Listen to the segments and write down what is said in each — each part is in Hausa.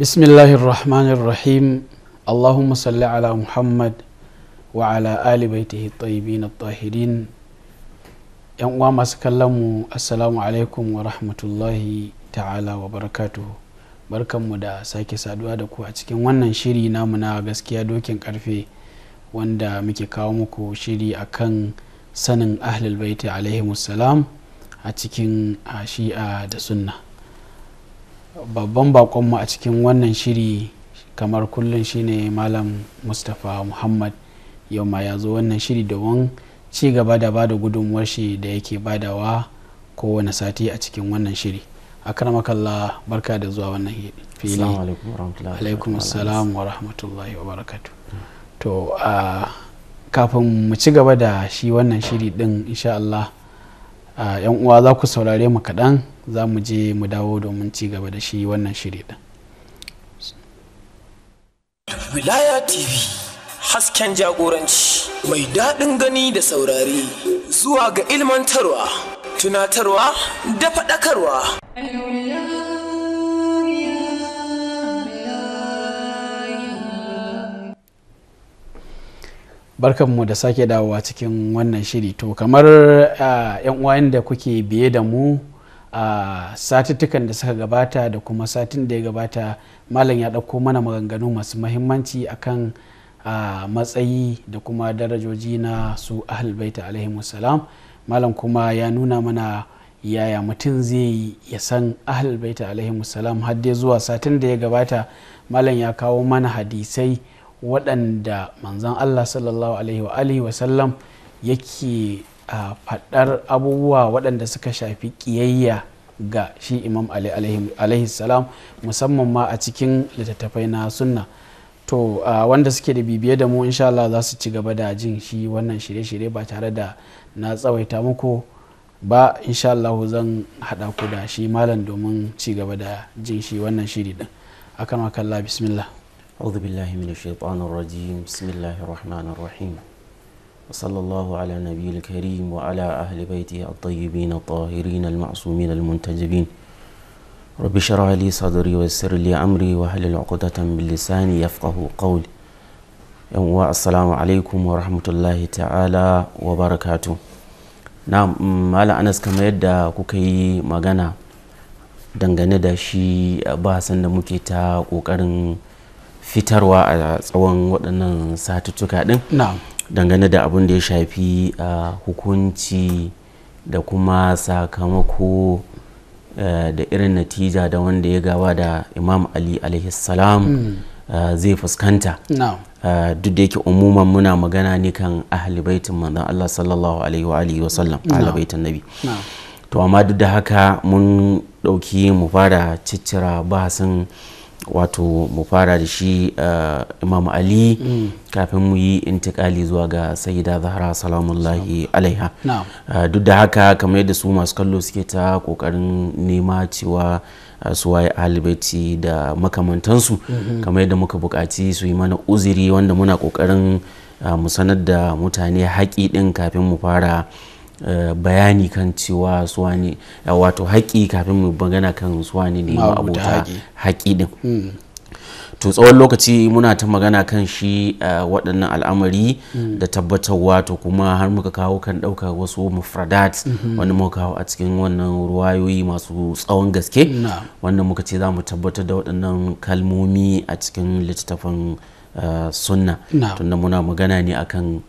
bismillahirrahmanirrahim allahumma salli ala muhammad صل على محمد وعلى آل na الطيبين yan uwa masu kallon mu assalamu alaikum wa rahmatullahi ta'ala wa barakatuhu barkanmu da sake saduwa da ku a cikin wannan shiri namuna gaskiya dokin karfe wanda muke kawo muku shiri akan sanin ahlul baiti alaihi a cikin shi'a da sunna babban bakonmu a cikin wannan shiri kamar kullum shine malam mustapha muhammad yau ma ya zo wannan shiri domin ci gaba da bada da gudunmuwar shi da yake badawa kowane sati a cikin wannan shiri akramakallah barka da zuwa wannan fili alaikum assalam wa rahmatullahi wa barakatu to ah, kafin mu ci gaba da shi wannan shiri din insha Allah ah, yan uwa za ku saurare mu kaɗan za mu je mu dawo domin ci gaba da shi wannan shiri din wilaya tv hasken jagoranci mai daɗin gani da saurari zuwa ga ilmantarwa tunatarwa da faɗakarwa barkanmu da sake dawowa cikin wannan shiri to kamar 'yan ah, uwayen da kuke biye da mu a satuttukan da suka gabata da kuma satin da ya gabata malam ya ɗauko mana maganganu masu mahimmanci akan a matsayi da kuma darajoji na su ahalbaita alaihimu malam kuma ya nuna mana yaya mutum zai ya san ahalbaita alaihimu salam hadde zuwa satin da ya gabata malam ya kawo mana hadisai waɗanda manzan allah sallallahu alaihi wa alihi wasallam yake a faɗar abubuwa waɗanda suka shafi ƙiyayya ga shi imam alaihi salam musamman ma a cikin littattafai na sunna to wanda suke da bibiye da mu insha Allah za su ci gaba da jin shi wannan shirye-shirye ba tare da na tsawaita muku ba insha Allah zan haɗa ku da shi malam domin ci gaba da jin shi wannan shiri din akan wakalla bismillah أعوذ بالله من الشيطان الرجيم بسم الله الرحمن وصلى الله على نبي الكريم وعلى أهل بيته الطيبين الطاهرين المعصومين المنتجبين رب شرع لي صدري ويسر لي أمري وهل العقدة من لساني يفقه قولي السلام عليكم ورحمة الله تعالى وبركاته نعم مالا أنس كما يدى كوكي مغانا dangane da shi bahasan da muke ta kokarin fitarwa a tsawon waɗannan satuttuka ɗin dangane da abin da ya shafi hukunci da kuma sakamako da irin natija da wanda ya gaba da imam ali salam hmm. zai fuskanta duk da yake umuman muna magana ne kan ahli baitin manzon Allah sallallahu alaihi wa alihi wasallam nabi to amma duk da haka mun dauki mu fara ciccira bahasin wato mu fara da shi eh, imam ali mm. kafin mu yi intikali zuwa ga sayida zahra salamullahi alaiha eh, duk da haka kamar yadda su masu kallo suke ta kokarin nema cewa eh, su waye alibaiti da makamantansu mm-hmm. kamar yadda muka bukaci su yi mana uziri wanda muna kokarin mu sanar da mutane haƙi ɗin kafin mu fara Eh, bayani kan cewa suwani eh, wato haƙi kafin mu magana kan suwani ne ma abota haƙi din hmm. to tsawon lokaci muna ta magana kan shi eh, waɗannan al'amari hmm. da tabbatarwa to kuma har muka kawo kan ɗauka wasu mufradat hmm. wanda muka kawo a cikin wannan ruwayoyi masu tsawon gaske wanda muka ce za mu tabbatar da waɗannan kalmomi a cikin littattafan sunna tunda muna magana ne akan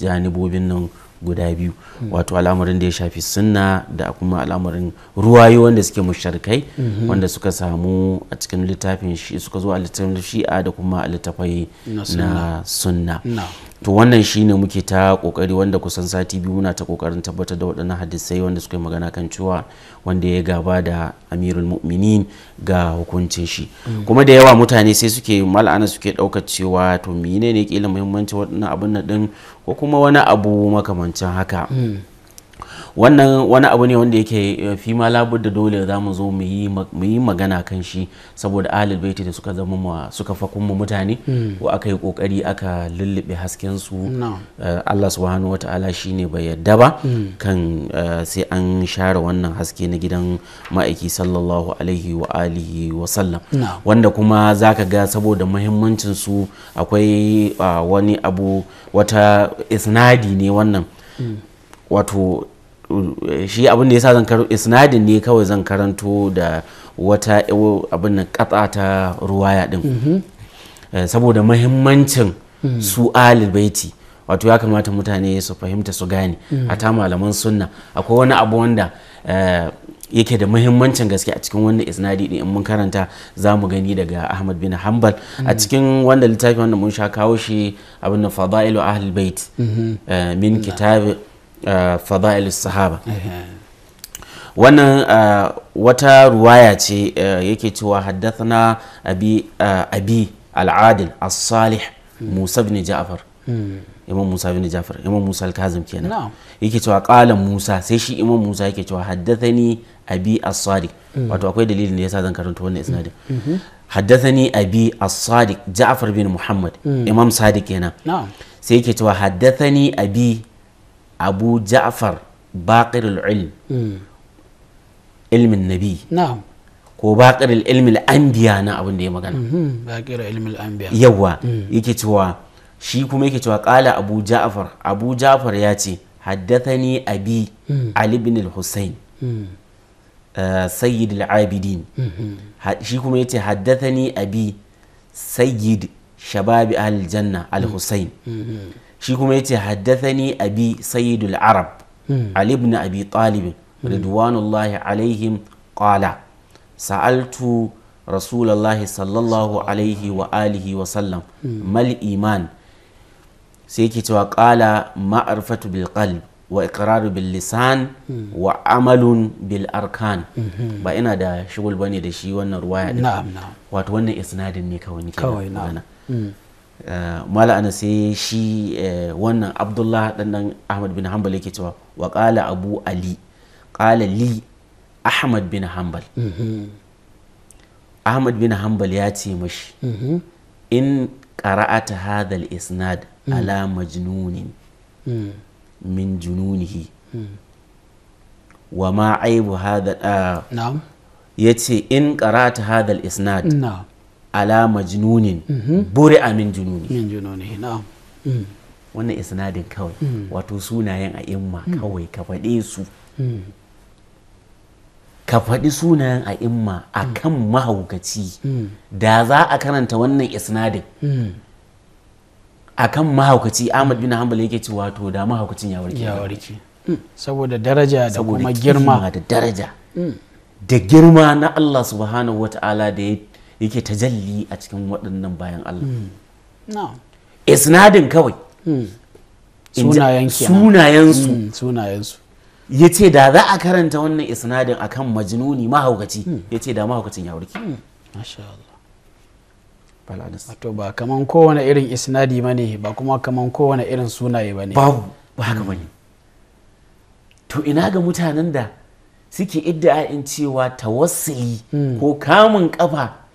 janibobin nan guda biyu wato al'amarin da ya shafi sunna da kuma al'amarin ruwayo wanda suke musharkai mhm. wanda suka samu a cikin littafin shi suka zo a littafin shi'a da kuma a littafai na sunna to wannan shine muke ta kokari wanda kusan sati biyu muna ta kokarin tabbatar da waɗannan hadisai wanda suka yi magana kan cewa wanda ya gaba da amirul mu'minin ga hukuncin shi mm. kuma da yawa mutane sai suke mal'ana suke ɗaukar cewa to menene ne kila muhimmanci waɗannan abin na ɗin ko kuma wani abu makamancin haka mm. wannan wani abu ne wanda yake eh, fi ma da dole za mu zo mu yi magana kan shi saboda ahlul baiti da suka zama ma suka fakun mu mutane hmm. ko aka yi kokari aka lullube hasken su eh, Allah subhanahu wataala shine bai yadda ba hmm. kan eh, sai an share wannan haske na gidan ma'aiki sallallahu alaihi wa alihi wa sallam wanda kuma zaka ga saboda muhimmancin su akwai ah, wani abu wata isnadi ne wannan hmm. wato shi abin da yasa zan karo isnadin ne kawai zan karanto da wata abin da katsa ta ruwaya din mhm. eh, saboda mahimmancin mhm. su alibaiti wato ya kamata mutane su fahimta su gane mhm. a ta malaman sunna akwai wani abu wanda eh, yake da muhimmancin gaske a cikin wannan isnadi din in mun karanta za mu gani daga ahmad bin hanbal a cikin wanda littafi wanda mun sha kawo shi abin da fadailu ahlul bait eh, min kitabi fada'il sahaba wannan wata ruwaya ce yake cewa haddathana abi abi al-adil as-salih musa bin ja'far imam musa bin ja'far imam musa al-kazim kenan yake cewa qala musa sai shi imam musa yake cewa haddathani abi as-sadiq wato akwai dalilin da yasa zan karanta wannan isnadin haddathani abi as-sadiq ja'far bin muhammad imam sadiq kenan sai yake cewa haddathani abi abu ja'far baƙir al hmm. ilmin nabi ko baƙir al-ilm na abin da ya magana baƙir al-ilm yawa yake cewa shi kuma yake cewa ƙala abu ja'far abu ja'far ya ce haddathani abi hmm. ali bin al-husayn hmm. eh, sayyid al-abidin shi kuma yace haddathani abi sayyid shababi al-janna al-husayn shi kuma yace ni abi sayyidul arab hmm. ali ibn abi talib hmm. radwanullahi alaihim qala sa'altu rasulullahi sallallahu alaihi wa alihi wa sallam hmm. mal iman sai yake cewa qala ma'rifatu bil qalb wa iqraru bil lisan wa amalun bil arkan ba ina da shigul bane da shi wannan ruwaya din wato wannan isnadin ne kawai kawai Eh, mala ana sai shi eh, wannan abdullah dan ahmad bin hanbal yake cewa wa qala abu ali ƙala li ahmad bin hanbal mm-hmm. ahmad bin hanbal ya ce mashi mm-hmm. in qara'ata hadha al-isnad mm. ala majnunin mm. min jununihi mm. wa ma aibu hadha ah, Ya ce in qara'ata hadha isnad ala majnunin mhm. buri amin jununi mm. wannan isnadin kawai mm. wato sunayen a imma mm. kawai ka faɗe su ka faɗi sunayen a imma a kan mahaukaci da za a karanta wannan isnadin a kan mahaukaci ahmad bin hanbal yake ci wato da mahaukacin ya warke ya warke saboda daraja da kuma girma da daraja da girma na Allah subhanahu wata'ala da ya yake tajalli a cikin waɗannan bayan Allah hmm. isnadin kawai hmm. sunayensu hmm, sunayensu ya ce da za a karanta wannan isnadin akan majinuni mahaukaci ya ce da mahaukacin ya warke wato ba kaman kowane irin isnadi ba ne ba kuma kaman kowane irin sunaye ba ne babu ba haka ba ne to ina ga mutanen da suke iddia'in cewa tawassuli ko kamun kafa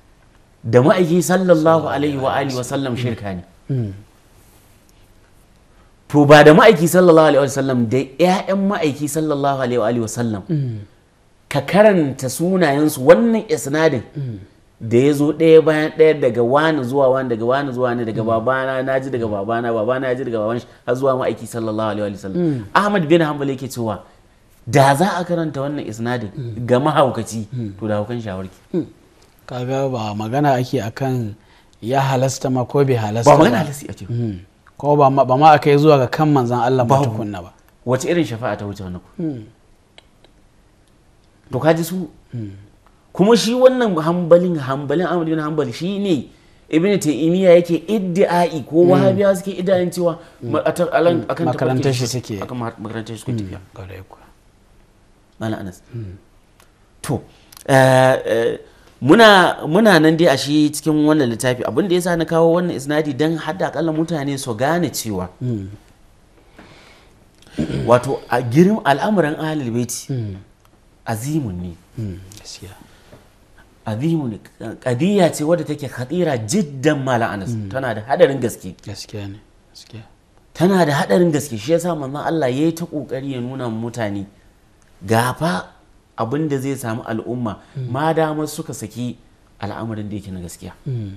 da ma'aiki sallallahu alaihi wa alihi wa sallam shirka ne to ba da ma'aiki sallallahu alaihi wa sallam da ƴaƴan ma'aiki sallallahu alaihi wa alihi wa sallam ka karanta sunayensu wannan isnadin da ya zo ɗaya bayan ɗaya daga wani zuwa wani daga wani zuwa wani daga babana na ji daga babana babana ya ji daga baban har zuwa ma'aiki sallallahu alaihi wa sallam ahmad bin hanbal yake cewa da za a karanta wannan isnadin ga mahaukaci to da haukan shawarki kaga ba magana ake akan ya halasta ma ko bai halasta ba magana halasta ake hmm. ko ba ma ba ma aka yi zuwa ga kan manzan Allah ba tukunna ba wace irin shafa'a ta wuce wannan hmm. to kaji su hmm. kuma shi wannan hambalin hambalin na hambali shi ne ibn taymiya yake iddi'ai ko wahabiya suke iddiayin cewa akan makarantar shi take akan makarantar shi suke tafiya mala anas to eh, eh, muna muna nan dai a shi cikin wannan littafi abin da sa na kawo wannan isnadi don hada akalla mutane su gane cewa mm. wato a girin al'amuran ahalul baiti mm. azimun ne mm. azimun ne ce wadda take khatira jiddan mala anas tana da hadarin gaske ne tana da hadarin gaske shi yasa manzon Allah ya yi ta kokari ya nuna mutane gafa abin da zai samu al'umma hmm. ma damar suka saki al'amarin da yake na gaskiya hmm.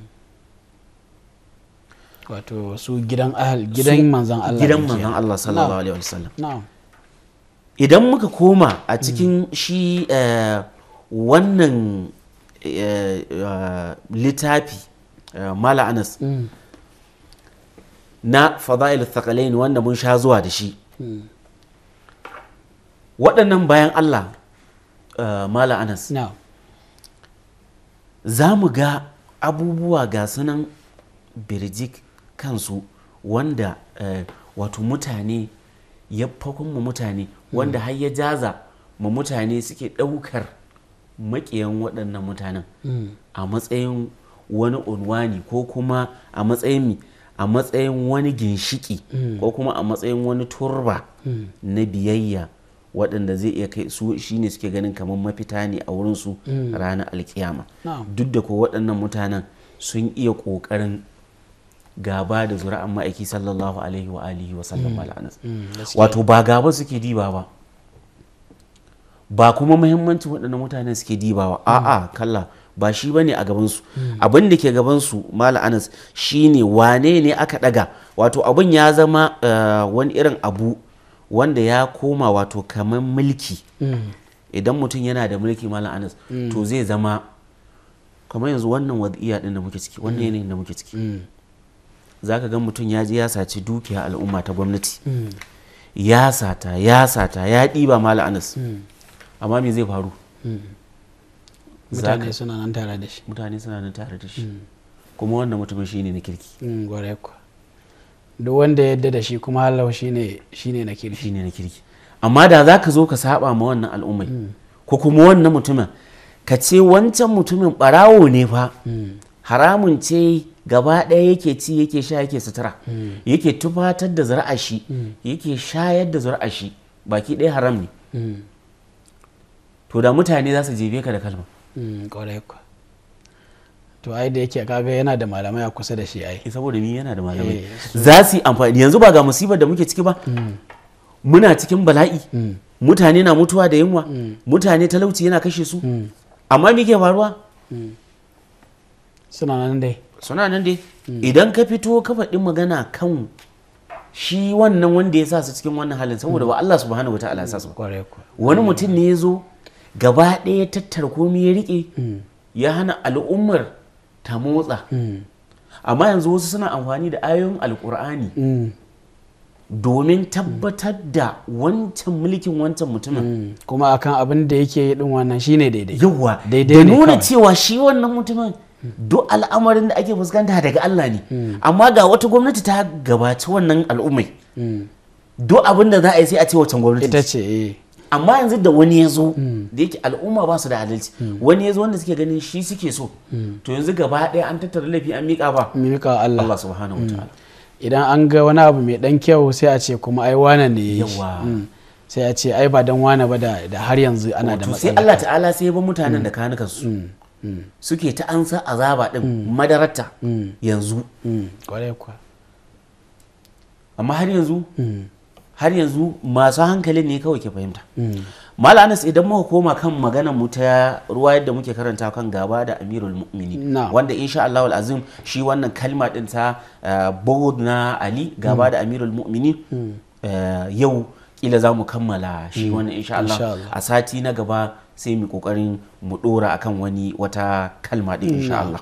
wato su gidan ahal gidan manzan Allah gidan manzan Allah sallallahu alaihi wasallam idan muka koma a hmm. cikin shi eh, wannan eh, eh, littafi mala anas na fada'il thaqalain wanda mun sha zuwa da shi waɗannan bayan Allah Eh, mala anas za mu ga abubuwa ga sunan birjik kansu wanda eh, wato mutane ya fakon mu mutane wanda har ya jaza mu mutane suke ɗaukar maƙiyan waɗannan mutanen mm. a matsayin wani unwani ko kuma a matsayin a matsayin wani ginshiki mm. ko kuma a matsayin wani turba mm. na biyayya waɗanda zai iya kai su shi ne suke ganin kamar mafita ne a wurinsu mm. ranar alkiyama duk da ko waɗannan mutanen sun iya ƙoƙarin gaba da zura'an ma'aiki sallallahu alaihi wa alihi wa sallam mm. mm, wato ba gaba suke diba ba ba kuma muhimmancin waɗannan mutanen suke diba ba a'a kalla ba shi bane a gabansu abin da ke gabansu mala anas shine wane ne aka ɗaga wato abin ya zama eh, wani irin abu wanda ya koma wato kamar mulki mm. idan mutum yana da mulki malam anas mm. to zai zama kamar yanzu wannan wadiya din da muke ciki wannan mm. yanayin da muke ciki zaka ga mutum ya ji ya saci dukiya al'umma ta gwamnati ya sata ya sata ya ɗiba malam anas amma me zai faru mutane suna nan tare da shi mutane suna nan tare da shi kuma wannan mutumin ne na kirki duk wanda ya yadda da shi kuma halau shi ne na kirki ne na kirki amma da za ka zo ka saba ma wannan al'ummai mm. ko kuma wannan mutumin ka ce wancan mutumin barawo ne fa mm. haramun ce gaba ɗaya yake ci yake sha yake sutura mm. yake tufatar da zara'a shi yake shayar da zara'a shi baki ɗaya haram ne to da mutane za su jebe ka da kalma to ai da yake kaga yana da malamai a kusa da shi ai eh, saboda ni yana da malamai eh, za su yi amfani yanzu ba ga musibar da muke ciki ba mm. muna cikin bala'i mm. mutane na mutuwa da yunwa mm. mutane talauci yana kashe su amma me ke faruwa suna nan dai suna nan dai idan ka fito ka faɗi magana kan shi wannan wanda ya sa su cikin wannan halin saboda ba Allah subhanahu wa ta'ala sa su wani mutum ne ya zo gaba ɗaya tattara komai ya rike ya hana al'ummar ta motsa amma yanzu wasu suna amfani da ayoyin alkur'ani domin tabbatar da wancan mulkin wancan mutumin kuma akan abin da yake din wannan shine daidai yawa da nuna cewa shi wannan mutumin duk al'amarin da ake fuskanta daga Allah ne amma ga wata gwamnati ta gabaci wannan al'ummai mm. duk abin da za a yi sai a ce wancan gwamnati ita ce eh. amma yanzu da wani ya zo hmm. da yake al'umma ba su da adalci hmm. wani ya zo wanda suke ganin shi suke so hmm. to yanzu gaba ɗaya an tattara laifi an miƙa ba miƙa Allah Allah subhanahu wataala idan an ga wani abu mai dan kyau sai a ce kuma ai wane ne yawa sai a ce ai ba dan wane ba da har yanzu ana da matsala sai Allah ta'ala sai ba mutanen da kanukan su suke ta ansa azaba din madarata yanzu kwarai kwa amma har yanzu har yanzu masu hankali ne kawai ke fahimta mm. mala anas idan muka koma kan maganar mu ta ruwa yadda muke karanta kan gaba da amirul mu'mini wanda insha Allah azim shi wannan kalma din ta eh, bugu na ali gaba mm. da amirul mu'mini mm. eh, yau kila za mu kammala shi wannan insha Allah a sati na gaba sai mu kokarin mu dora akan wani wata kalma din insha Allah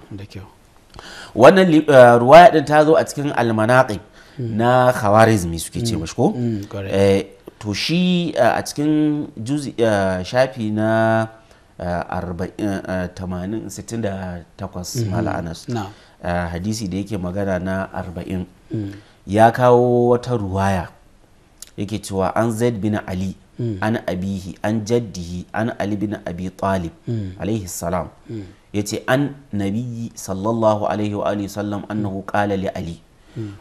wannan eh, ruwaya din ta zo a cikin almanaqi Hmm. na khawarizmi suke ce hmm. mashi ko hmm, eh, to shi eh, a cikin eh, shafi na 68 mala hadisi da yake magana na 40 ya kawo wata ruwaya yake cewa an zaid bin ali an abihi an jaddihi an ali bin abi talib alaihi salam ya ce an nabi sallallahu alaihi wa sallam annahu qala li ali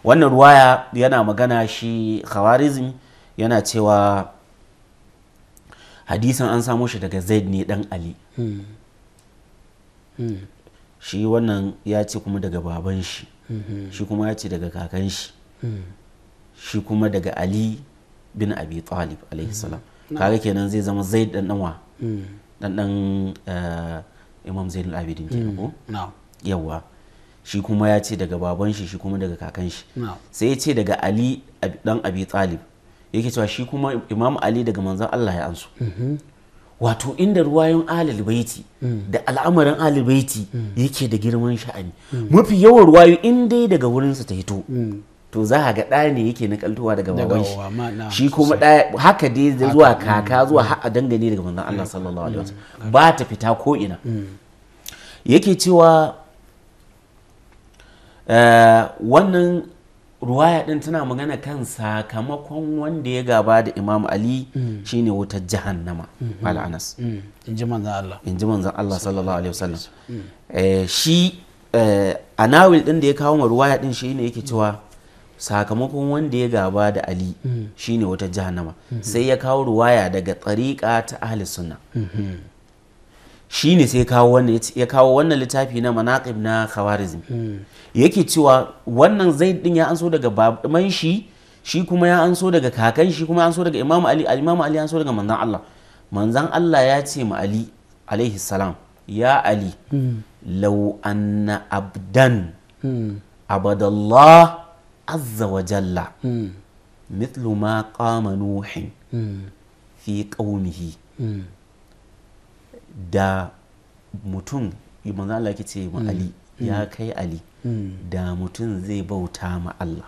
wannan ruwaya yana magana shi khawarizm yana cewa hadisan an samo shi daga zaid ne dan ali shi wannan ya ce kuma daga baban shi shi kuma ya ce daga kakan shi shi kuma daga ali bin abi talib salam kaga kenan zai zama zaid dan danwa hmm. dan dan eh, imam zainul abidin hmm. ko yawa shi kuma ya ce daga baban shi shi kuma daga kakan shi sai ya ce daga ali dan abi talib yake cewa shi kuma imam ali daga manzon allah ya ansu mm-hmm. wato inda ruwayon alil baiti mm. da al'amarin alil baiti mm. yake da girman sha'ani mm. mafi yawan ruwayo in dai daga wurinsa ta hito to za a ga ɗaya ne yake na nakaltowa daga baban shi shi kuma ɗaya haka dai zuwa kaka zuwa a dangane daga manzon Allah sallallahu alaihi wasallam ba ta fita ko ina yake cewa Eh, wannan ruwaya din tana magana kan sakamakon wanda ya gaba da imam ali mm. shine wutar jahannama mm-hmm. mal anas mm. in ji manzan allah allah sallallahu alaihi wasallam mm. eh, shi eh, nawil din da ya kawo ruwaya din ne yake cewa sakamakon wanda ya gaba da ali shine wutar jahannama mm-hmm. sai ya kawo ruwaya daga tsariƙa ta ahli sunna mm-hmm. shi ne sai kawo wannan ya kawo wannan littafi na manaqib na khawarizm yake cewa wannan zaid din ya anso daga babban shi shi kuma ya anso daga kakan shi kuma ya anso daga imamu ali imamu ali ya anso daga manzon Allah manzon Allah ya ce ma ali alaihi salam ya ali law anna abdan abadallah azza wa jalla مثل ma kama nuhin, fi قومه da mutum manzo Allah ce ma mm. Ali ya mm. kai Ali mm. da mutum zai bauta ma Allah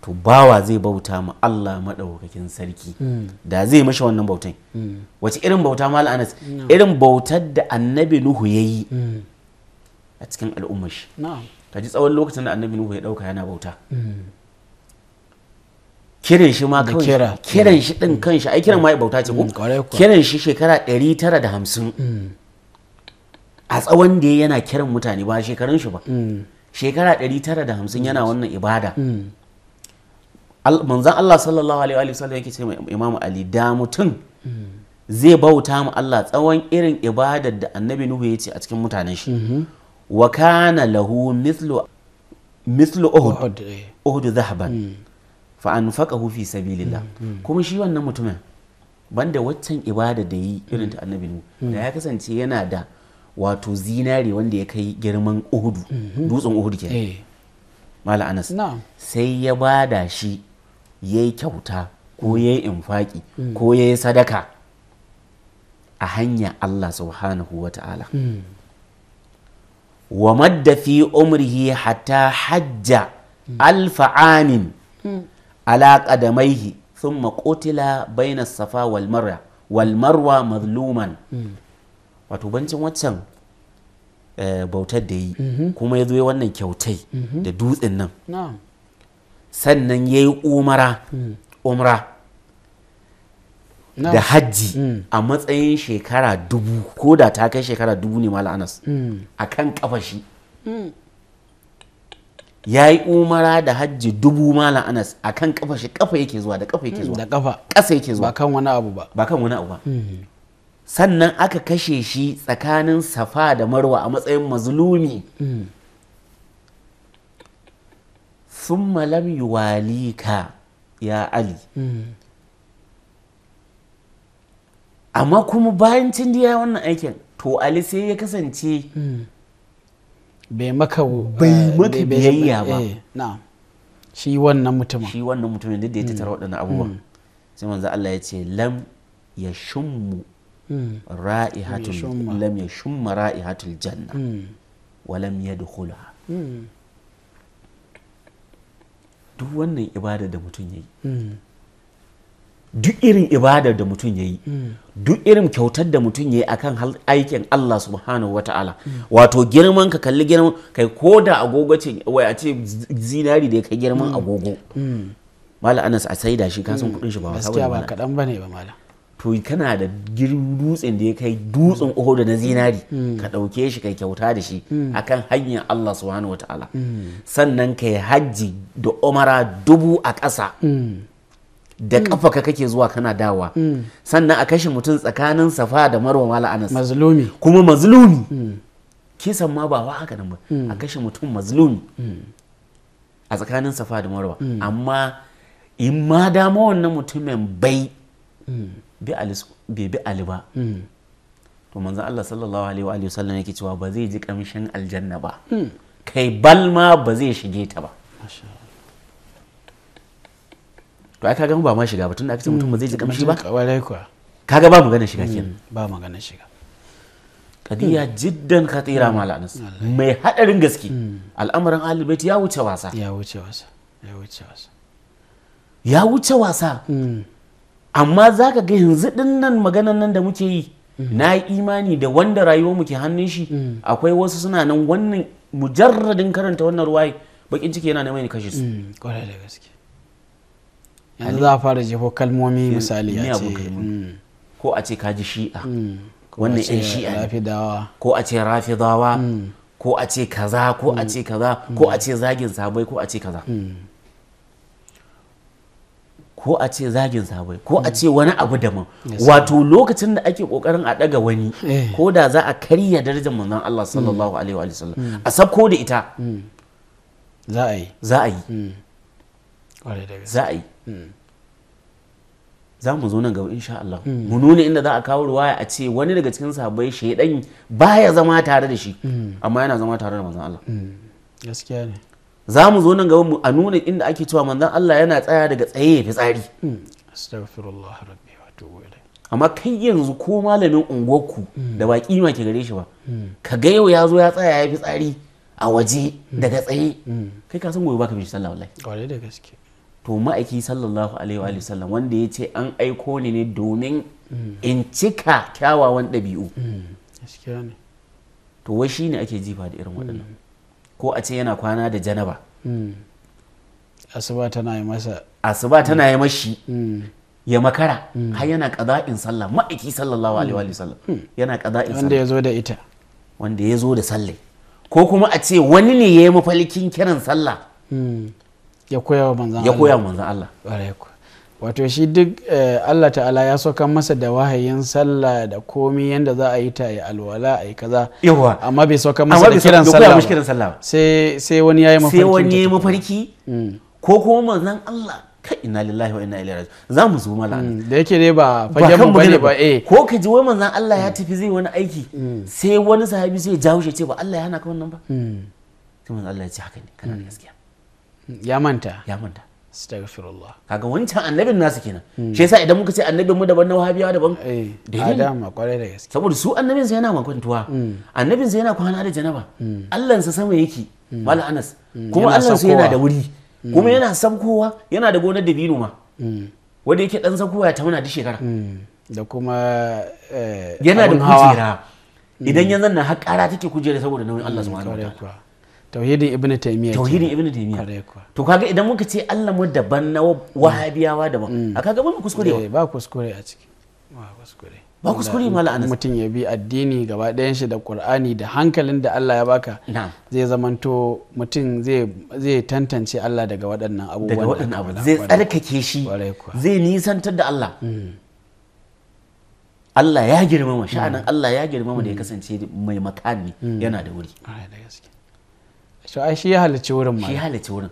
to bawa zai bauta ma Allah maɗaukakin sarki da zai mashi wannan bautan wace irin bauta ma Anas irin bautar da annabi Nuhu ya yi a cikin al'ummashi. shi ka ji tsawon lokacin da annabi Nuhu ya ɗauka yana bauta kiran shi ma kawai kira kiran mm. shi din kan shi ai kiran mm. ma bauta ce ko mm, kiran shi shekara 950 a tsawon da yana kiran mutane ba shekarun shi ba shekara 950 yana wannan ibada manzan Allah sallallahu alaihi wa sallam yake ce Imam Ali da mutum zai bauta mu Allah tsawon irin ibadar da Annabi Nuhu ya ce a cikin mutanen shi mm-hmm. wa kana lahu mithlu mithlu Uhud Uhud eh. zahaban fa hufi fi sabilillah mm, mm. kuma shi wannan mutumin banda waccan ibada da yi irin ta annabi nu mm. da ya kasance yana da wato zinare wanda ya kai girman uhudu mm-hmm. dutsen uhudu ke eh. mala anas sai ya bada shi ya yi kyauta ko ya yi infaki ko ya yi sadaka a hanya Allah subhanahu wa ta'ala wa madda fi umrihi hatta hajja alfa'anin. da maihi sun Sun bayan safa walmarwa walmarwa mazluman hmm. wato bancin waccan eh, bautar da yi mhm. kuma ya zo wannan kyautai mhm. da dutsen nan sannan ya yi umara hmm. umra da hajji hmm. a matsayin shekara dubu ko da ta kai shekara dubu ne mala la'anas. a kan kafashi ya yi umara da hajji dubu malam anas a kan kafa shi kafa yake zuwa da kafa yake zuwa da kafa ƙasa yake zuwa ba kan wani abu ba ba kan wani abu ba mm-hmm. sannan aka kashe shi tsakanin safa da marwa a matsayin mazlumi mm-hmm. thumma lam walika ya ali mm-hmm. amma kuma bayan cin ya wannan aikin to ali sai ya kasance bai maka bai eh, maka biyayya ba eh, na'am shi wannan mutum shi wannan mutumin da ya hmm. tattara waɗannan abubuwan hmm. sai manzo Allah ya ce lam ya shummu hmm. ra'ihatul lam ya shumma ra'ihatul janna wa lam yadkhulha duk wannan ibada da mutum yayi duk irin ibadar da mutum ya yi mm. duk irin kyautar da mutum ya yi akan aikin Allah subhanahu wa ta'ala wato girman ka kalli girman kai ko da agogo ce wai a ce zinari da ya kai girman mm. agogo mm. mala anas a saida shi ka san kudin shi ba wasa ba kadan bane ba mala to kana da dutsen da ya kai dutsen da na zinari ka dauke shi kai kyauta da shi akan hanyar Allah subhanahu wa ta'ala sannan kai hajji da umara dubu a ƙasa da kafa mm. ka kake zuwa kana dawa mm. sannan a kashe mutum tsakanin safa da marwa mala anas mazlumi kuma mazlumi mm. kisan ma ba wa haka nan ba a kashe mutum mazlumi a tsakanin safa da marwa amma in ma dama wannan mutumin bai bi ali ba to manzon Allah sallallahu alaihi wa alihi sallam yake cewa ba zai ji kamshin aljanna ba kai balma ba zai shige ta ba to ai kaga ba ma shiga ba tunda aka ce mutum ba zai ji kamshi ba mm, kaga ba magana shiga kenan mm, ba magana shiga kadiya mm. jiddan khatira mala anas mai hadarin gaske al'amarin ahlul bait ya wuce wasa ya wuce wasa ya wuce wasa ya wuce wasa amma zaka ga yanzu dinnan maganar maganan nan da muke yi na yi imani da wanda rayuwar mu ke hannun shi akwai wasu suna nan wannan mujarradin karanta wannan ruwaye bakin ciki yana neman kashe su kwarai da gaske yanzu za a fara jefo kalmomi misali ya ce hmm. ko a ce kaji shi'a hmm. wannan yan shi'a ko a ce rafidawa hmm. ko a ce kaza ko a ce kaza ko a ce zagin sabai ko a ce kaza ko a ce zagin sabai ko a ce wani abu daban wato lokacin da ake kokarin a daga wani eh. ko da za a karya darajar manzon Allah sallallahu alaihi wa sallam a sabko da ita za a yi za a yi za a yi za mu zo nan gaba insha Allah hmm. mu nuna inda za a kawo ruwaya a ce wani daga cikin sahabbai shaidan baya zama tare da shi hmm. amma yana zama tare da manzon Allah hmm. gaskiya ne za mu zo nan gaba mu a nuna inda ake cewa manzon Allah yana tsaya daga tsaye ya tsari astaghfirullah rabbi wa tubu amma kai yanzu ko malamin unguwarku da ba kima ke gare shi ba ka ga yau ya zo ya tsaya ya fi tsari a waje daga tsaye kai ka san gobe baka bi sallah wallahi da gaske to ma'aiki sallallahu alaihi wa sallam wanda ya ce an aiko ni ne domin in cika kyawawan ɗabi'u to wai shi ne ake jifa da irin waɗannan ko a ce yana kwana da janaba asuba tana yi masa asuba tana yi mashi mm. ya makara mm. har yana in sallah ma'aiki sallallahu alaihi wa sallam mm. yana qada'in sallah wanda ya zo da ita wanda ya zo da sallai. ko kuma a ce wani ne ya yi mafalikin kiran sallah ya koya wa manzan Allah ya koya wa manzan Allah wato shi duk eh, Allah ta'ala ya soka masa da wahayin sallah da komi yanda za a yi ta ya alwala a yi kaza yawa amma bai soka masa da kiran sallah sai sai wani yayi mafarki sai wani yayi mafarki ko kuma manzan Allah ka ina lillahi wa inna ilaihi raji'un za mu zo mala mm. da yake ne ba fage mu bane ba eh ko ka ji wai manzan Allah ya mm. tafi zai wani aiki mm. sai wani sahabi sai ya jawo shi ce ba Allah ya hana ka wannan ba sai manzan Allah ya ce haka ne kana gaskiya ya manta ya manta astaghfirullah kaga wancan annabin nasu kenan shi yasa idan muka ce annabin mu daban na wahabiyawa daban da eh, dama kwarai da gaske saboda su annabin sa yana makwantuwa mm. annabin sa yana kwana da janaba mm. Allah sa sama yake mm. mala anas kuma Allah sa yana da wuri kuma yana sabkowa yana da gonar dabino ma wanda yake dan sabkowa ya tauna da shekara da kuma eh, yana da kujera idan yanzu na har kara take kujera saboda nauyin Allah subhanahu wa ta'ala tauhidin ibn taymiya tauhidin ibn taymiya to kaga idan muka ce Allah mu daban na wahabiyawa daban mm. a kaga ba kuskure eh, ba kuskure a ciki ba kuskure ba kuskure mala anas mutum ya bi addini gaba ɗayan shi da qur'ani da hankalin da Allah ya baka zai zamanto mutum zai tantance Allah daga waɗannan abubuwan daga waɗannan abubuwan zai tsarkake shi zai nisantar da Allah mm. Allah ya girmama mm. sha'anin Allah ya girmama da ya kasance mai makami yana da wuri so ai shi ya halicci wurin ma shi ya halicci wurin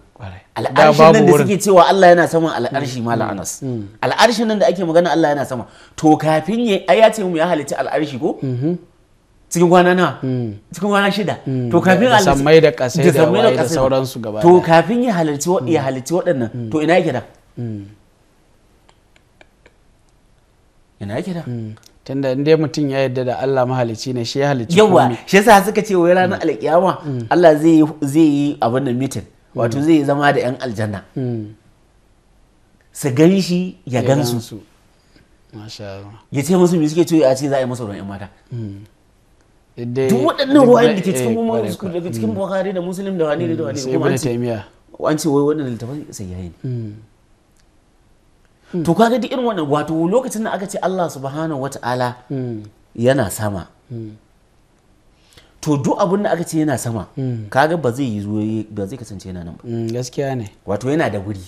al'arshin nan da suke cewa Allah yana saman al'arshi mm. malam Anas mm. al'arshin nan da ake magana Allah yana sama to kafin ya ai ya ce mu ya halicci al'arshi ko mm-hmm. cikin kwana na mm. cikin kwana shida to kafin ya sammai da kasai da wai da sauransu gaba to kafin ya halicci ya halicci waɗannan to ina yake da ina yake da tunda in dai mutum ya yarda da Allah mahalicci ne shi ya halicci yawa shi yasa suka ce wai ranar alkiyama mm. Allah zai zai yi abin da mitin mm. wato zai zama da yan aljanna mm. su gan shi ya gan su ya ce musu me suke ce a ce za a yi masa ruwan yan mata duk waɗannan ruwayen da ke cikin eh, umar su daga cikin buhari da musulun da wani da wani kuma an ce wai waɗannan littafin sai yayi ne to kaga duk irin wannan wato lokacin da aka ce Allah subhanahu wata'ala yana sama to duk abin da aka ce yana sama kaga ba zai yi ba zai kasance yana nan ba mm, gaskiya ne wato yana da wuri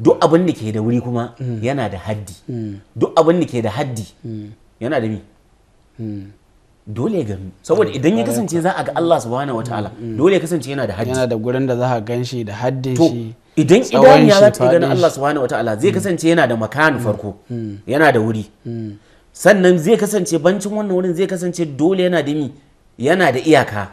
duk abin da ke da wuri kuma mm. yana da haddi mm. duk abin da ke da haddi yana da mi dole ga saboda idan ya kasance za a ga Allah subhanahu wataala dole ya kasance yana da haddi yana da gurin da za a gan shi da haddin shi idan idan ya zata ganin Allah subhanahu wataala zai kasance yana da makanu mm. farko mm. Mm. yana da wuri sannan zai kasance bancin wannan wurin zai kasance dole yana da mi yana da iyaka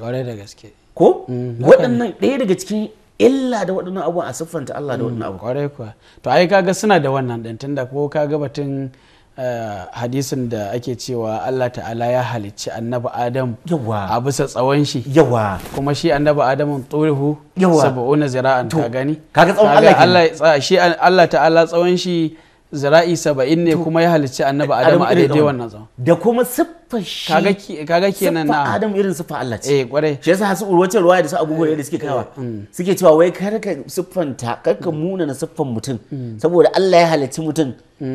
da gaske ko waɗannan ɗaya daga cikin illa da waɗannan abubuwan a siffanta Allah da waɗannan abu. kwarai kuwa to ai kaga suna da wannan ɗin tunda ko kaga batun Eh, hadisin da ake cewa Allah ta'ala ya halicci annabi Adam a bisa tsawon shi yawa kuma shi annabi Adam tsohu saba'una zira'an ka gani kaga tsawon Allah shi Allah ta'ala tsawon shi zira'i saba'in ne kuma ya halicci annabi adam a daidai wannan zama da kuma siffa shi kaga kenan na adam irin siffa Allah ce eh kwarai shi yasa hasu wacce ruwaya da su abubuwa da suke eh, kawa mm. suke cewa wai kar ka siffanta kar ka mm. muna na siffan mutum mm. saboda Allah ya halicci mutum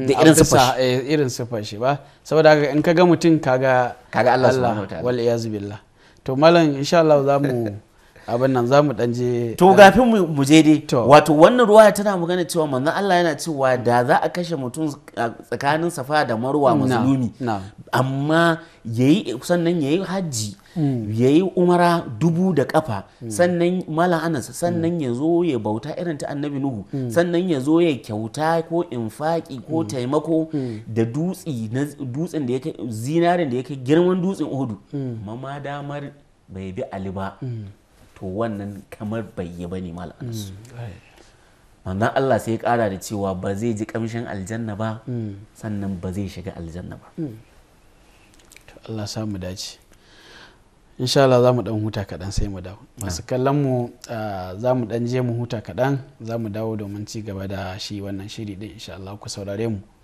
da irin siffa shi eh, irin siffa shi ba saboda in kaga mutum kaga kaga Allah subhanahu wa ta'ala wal billah to malam insha Allah za mu abin nan za mu dan je to gafin mu je dai wato wannan ruwa tana magana cewa manzon Allah yana cewa da za a kashe mutum tsakanin safa da marwa musulmi amma yayi sannan yayi hajji mm. yayi umara dubu da kafa mm. sannan mala anas mm. sannan ya ya bauta irin ta annabi nuhu sannan yazo ya kyauta ko infaki ko taimako da dutsi na dutsen da yake zinarin da yake girman dutsen uhudu mama damar bai bi ali ba to wannan kamar bai yi bane mal mm, manzon Allah sai ya kara da cewa ba zai ji kamshin aljanna ba mm. sannan ba zai shiga aljanna ba mm. to Allah sa mu dace insha Allah za mu dan huta kaɗan sai mu dawo masu kallon mu ah, za mu dan je mu huta kaɗan za mu dawo domin ci gaba da shi wannan shiri din insha Allah ku saurare mu